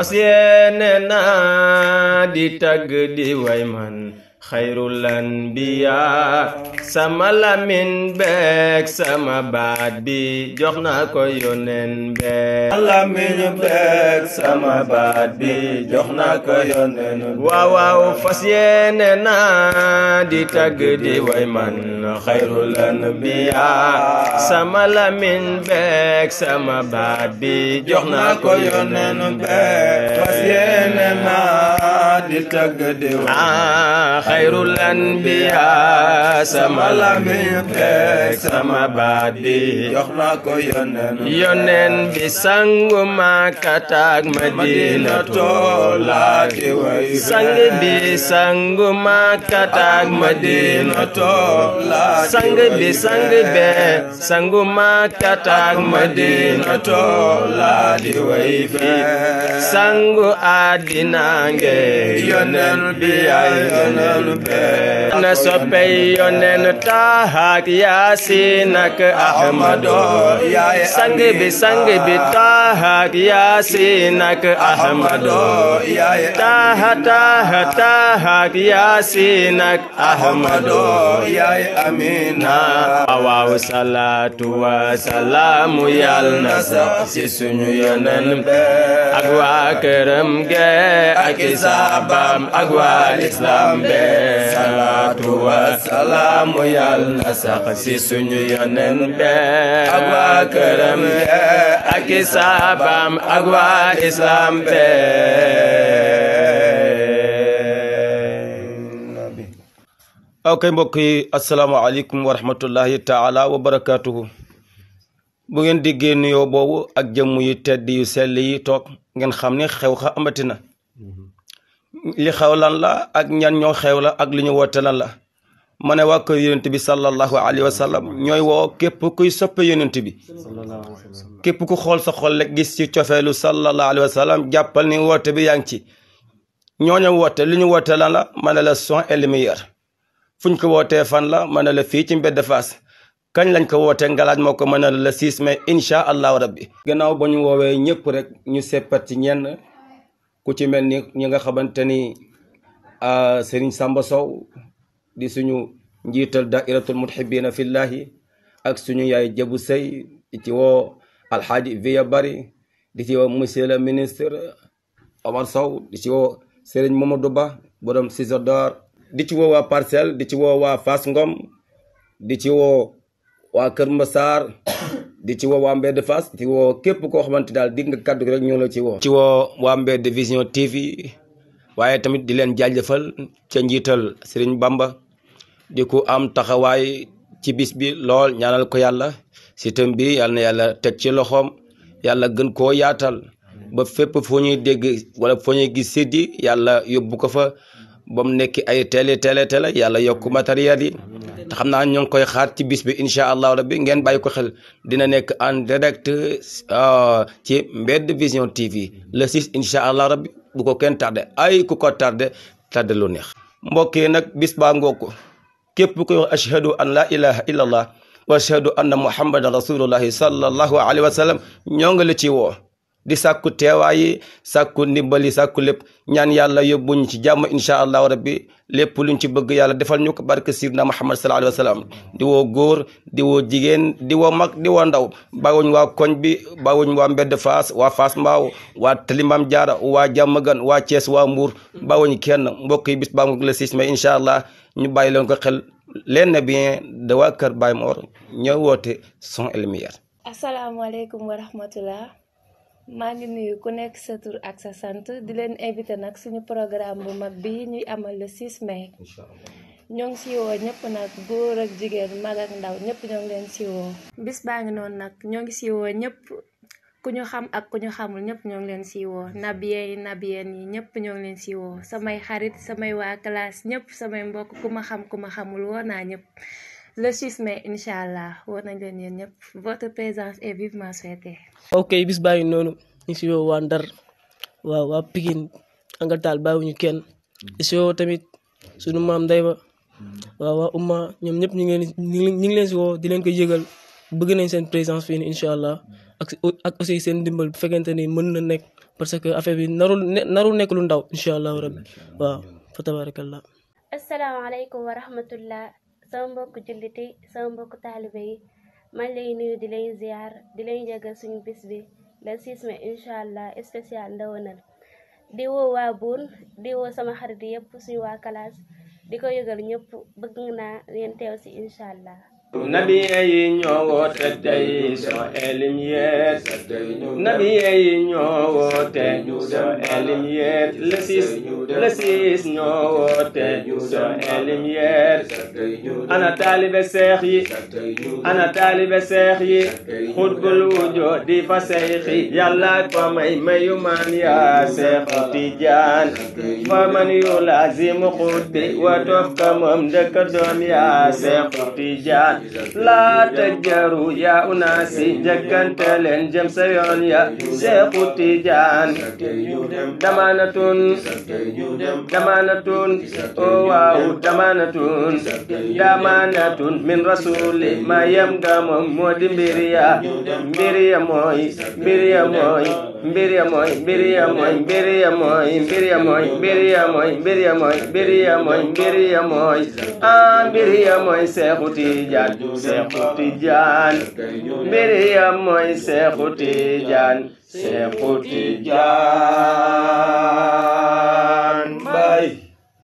fas yéene naa di tagg di way man xayrul anbiyaa sama lamin beek sama baat bi jox naa beek lamin bi jox naa ko yonen waaw waaw fas yéene naa di tagg di way man xayrul anbiyaa sama lamin beek sama baat bi jox naa beek fas yéene naa di tagg di waa ah, xayrul sangu maakataak madina toolaati way sang sangu maakataak madina toolaati sang bi sangu maakataak madina toolaati way fee sangu addina yonen bi ay yonen be na soppey yonen tahaak yaasin ak ahmado bi sang bi tahaak yaasin ak yaay amina waaw salaatu wa salaamu yal na sax ci suñu yonen be ak waa këram ge ak isa saxaabaam ak waa lislaam bee ak waa këram bee ak i saxaabaam ak waa lislaam bee ok mbokk yi asalaamaaleykum wa taala wa bu ngeen déggee nuyoo boobu ak jëmm yu tedd yu sell yi toog ngeen xam ni xew xa amati li xew lan la ak ñan ñoo xew la ak li ñu woote lan la ma ne waa kër yonent bi sallallahu alayhi wa sallam ñooy woo képp kuy soppe yonent bi képp ku xool sa xol rek gis ci cofeelu sallallahu alayhi wa jàppal ni woote bi yaa ngi ci ñooñu woote li ñu woote lan la ma ne la son et lumière fu ñu ko wootee fan la ma ne la fii ci mbedd Fass kañ lañ ko wootee ngalaaj moo ko mën a la 6 mai incha allahu rabbi gannaaw ba ñu woowee ñëpp rek ñu seppat ci ku ci mel ni ñi nga xamante ni sëriñ Samba Sow di suñu njiital dairatul muhibbina fillahi ak suñu yaay jabu sëy di ci woo alxaaji viya bari di ci woo monsieur ministre Omar Sow di ci woo sëriñ Mamadou Ba borom Cisador di ci woo waa parcelle di ci woo waa Fass Ngom di ci woo waa Kër Massar di ci woo waa Mbedd fas ci woo képp koo xamante daal dig nga kàddu gi rek ñoo la ci woo. ci woo waa Mbedd Vision TV waaye tamit di leen jaajëfal ca njiital Serigne Bamba di ku am taxawaay ci bis bi lool ñaanal ko yàlla système bi yàlla yàlla teg ci loxoom yàlla gën koo yaatal ba fépp foo ñuy dégg wala foo ñuy gis séddi yàlla yóbbu ko fa ba mu nekk ay télé télé yàlla yokk matériel yi. te xam naa ñoo ngi koy xaar ci bis bi incha allah rabbi ngeen bàyyi ko xel dina nekk en direct ci Mbedd Vision TV le 6 incha allah rabbi bu ko kenn tardé ay ku ko tardé tardé lu neex. mbokk yi nag bis baa ngoog ko képp koy wax ashhadu an la ilaha illallah wa ashhadu anna muhammadan rasulullahi sallallahu alayhi wa sallam ñoo ngi la ci woo. di sàkku teewaayi sàkku ndimbali sàkku lépp ñaan yàlla yóbbuñ ci jàmm incha allahu rabbi lépp luñ ci bëgg yàlla defal ñu ko barke Sayyidina Muhammad sallallahu alayhi wa salaam di woo góor di woo jigéen di woo mag di woo ndaw bàyyiwuñ waa koñ bi bàyyiwuñ waa mbedd fas waa fas Mbaaw waa Talimaam Jaara waa Jàmmagan waa Cees waa Mbuur bàyyiwuñ kenn mbokk yi bis baa mu la siis mais incha allah ñu bàyyi leen ko xel leen na bien de kër Baye Mor ñoo woote son et lumière asalaamaaleykum maa ngi nuyu ku nekk sa tur ak sa sant di leen invité nag suñu programme bu mag bi ñuy amal le 6 mai ñoo ngi si woo ñëpp nag góor ak jigéen mag ak ndaw ñëpp ñoo ngi leen si bis baa ngi noonu nag ñoo ngi si ñëpp ku ñu xam ak ku ñu xamul ñëpp ñoo ngi leen si nabiyeen yi nabiyeen yi ñëpp ñoo ngi leen si samay xarit samay waa classe ñëpp samay mbokk ku ma xam ku ma xamul woo naa ñëpp le 6 mai incha allah woo nañ leen yéen ñëpp votre présence est vivement souhaitée. ok bis baa ngi noonu. ñu ngi si woo waa Ndar waa waa Pikine Angaltal bàyyiwuñu kenn di si woo tamit sunu maam day Ba waaw waa umma ñoom ñëpp ñu ngi leen ñu ngi leen si woo di leen ko yëgal bëgg nañ seen incha allah ak ak aussi seen ndimbal bu fekkente ni mën na nekk parce que affaire bi narul narul nekk lu ndaw incha allahu rabbi waaw fa tabarakallah asalaamaaleykum wa rahmatullah sama mbokk julliti sama mbokk taalibe man lay nuyu di leen ziar di leen jagal suñu bis le 6 mai incha allah spécial ndawanal di woo waa buun di woo sama xarit yëpp suñu waa classe di ko yëgal ñëpp bëgg naa ngeen teew si incha allah nabiyeyi ñowo nyowote so elim yet nabiyeyi ñowo nyowote so elim yet lesis lesis so elim yeet ana taalibe di fa seex yàlla ko may mayu maan yaa seexu tijaan fa man yu laazimu xutbi wa tof ka moom dëkk doom laa tajjaru yaa unaasi njëkkante leen jëm ya seexu tijaan damaanatun damaanatun o waaw damaanatun damaanatun min rasuli ma yem gamom moo di mbir ya mooy mbir mooy mbir mooy mbir mooy mbir mooy mbir ya mooy mbir ya mooy seexu tijaan mbiriyam mooy seexu tijaan seexu tijaan